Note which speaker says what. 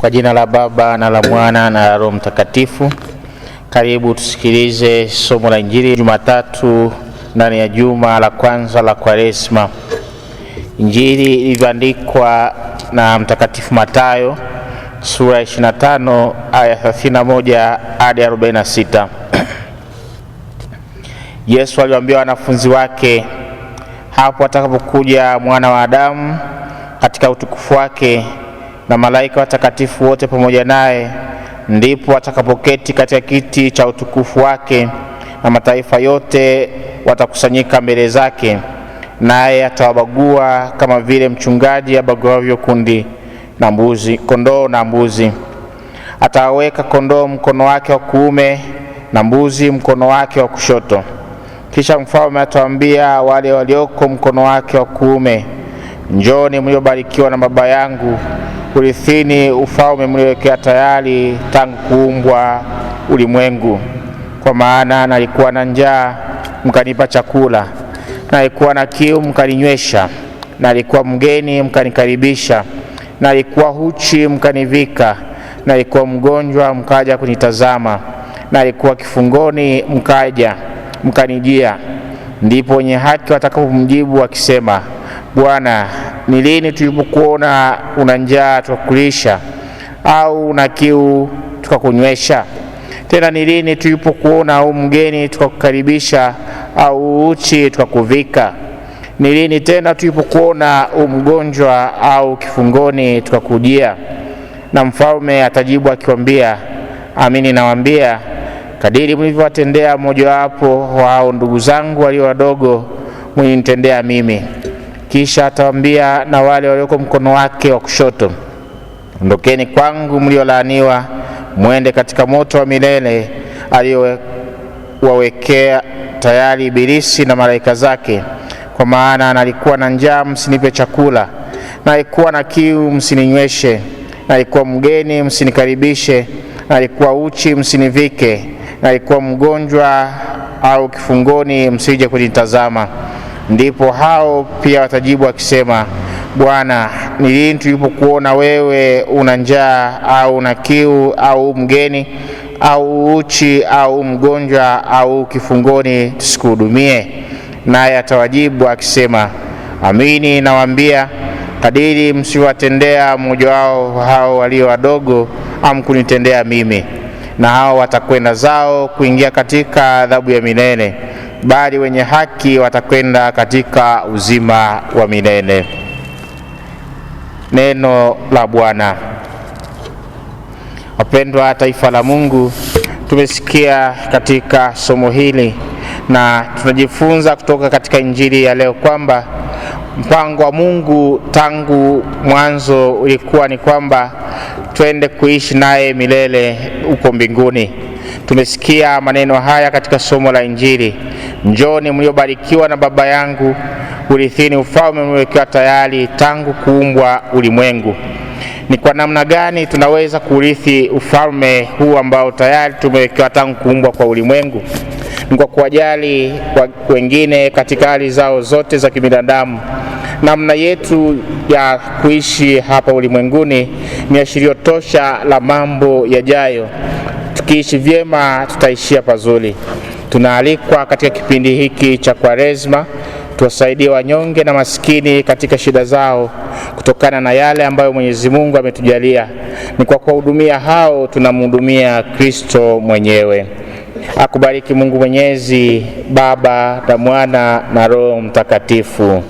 Speaker 1: Kwa jina la Baba na la Mwana na la Roho Mtakatifu. Karibu tusikilize somo la Injili Jumatatu ndani ya juma la kwanza la Kwaresma. Injili ilivyoandikwa na Mtakatifu matayo sura 25 aya 31 hadi 46. Yesu aliwaambia wanafunzi wake, hapo atakapokuja mwana wa Adamu katika utukufu wake na malaika watakatifu wote pamoja naye, ndipo atakapoketi katika kiti cha utukufu wake, na mataifa yote watakusanyika mbele zake, naye atawabagua kama vile mchungaji abaguavyo kundi na mbuzi, kondoo na mbuzi. Atawaweka kondoo mkono wake wa kuume na mbuzi mkono wake wa kushoto. Kisha mfalme atawaambia wale walioko mkono wake wa kuume, Njoni mliobarikiwa na Baba yangu, kurithini ufalme mliowekea tayari tangu kuumbwa ulimwengu. Kwa maana nalikuwa na njaa mkanipa chakula, nalikuwa na kiu mkaninywesha, nalikuwa mgeni mkanikaribisha, nalikuwa uchi mkanivika, nalikuwa mgonjwa mkaja kunitazama, nalikuwa kifungoni mkaja mkanijia. Ndipo wenye haki watakapomjibu wakisema, Bwana ni lini tulipokuona una njaa tukakulisha, au una kiu tukakunywesha? Tena ni lini tulipokuona u mgeni tukakukaribisha, au uchi tukakuvika? Ni lini tena tulipokuona u mgonjwa au kifungoni tukakujia? Na mfalme atajibu akiwambia, amini nawambia kadiri mlivyowatendea mmojawapo wao ndugu zangu walio wadogo, mlinitendea mimi. Kisha atawambia na wale walioko mkono wake wa kushoto, ondokeni kwangu mliolaaniwa, mwende katika moto wa milele aliyowawekea tayari Ibilisi na malaika zake. Kwa maana nalikuwa na njaa, msinipe chakula, na alikuwa na kiu, msininyweshe, na alikuwa mgeni, msinikaribishe, na alikuwa uchi, msinivike, na alikuwa mgonjwa au kifungoni, msije kunitazama ndipo hao pia watajibu akisema, Bwana, ni lini tulipokuona wewe una njaa au una kiu au mgeni au uchi au mgonjwa au kifungoni tusikuhudumie? Naye atawajibu akisema, amini nawaambia, kadiri msiwatendea mmoja wao hao walio wadogo, amkunitendea mimi. Na hao watakwenda zao kuingia katika adhabu ya milele bali wenye haki watakwenda katika uzima wa milele. Neno la Bwana. Wapendwa taifa la Mungu, tumesikia katika somo hili na tunajifunza kutoka katika injili ya leo kwamba mpango wa Mungu tangu mwanzo ulikuwa ni kwamba twende kuishi naye milele huko mbinguni. Tumesikia maneno haya katika somo la Injili: njoni mliobarikiwa na Baba yangu, urithini ufalme umewekewa tayari tangu kuumbwa ulimwengu. Ni kwa namna gani tunaweza kuurithi ufalme huu ambao tayari tumewekewa tangu kuumbwa kwa ulimwengu? Ni kwa kuwajali wengine katika hali zao zote za kibinadamu. Namna yetu ya kuishi hapa ulimwenguni ni ashirio tosha la mambo yajayo tukiishi vyema tutaishia pazuri. Tunaalikwa katika kipindi hiki cha Kwaresma tuwasaidie wanyonge na masikini katika shida zao, kutokana na yale ambayo Mwenyezi Mungu ametujalia. Ni kwa kuwahudumia hao tunamhudumia Kristo mwenyewe. Akubariki Mungu Mwenyezi, Baba na Mwana na Roho Mtakatifu.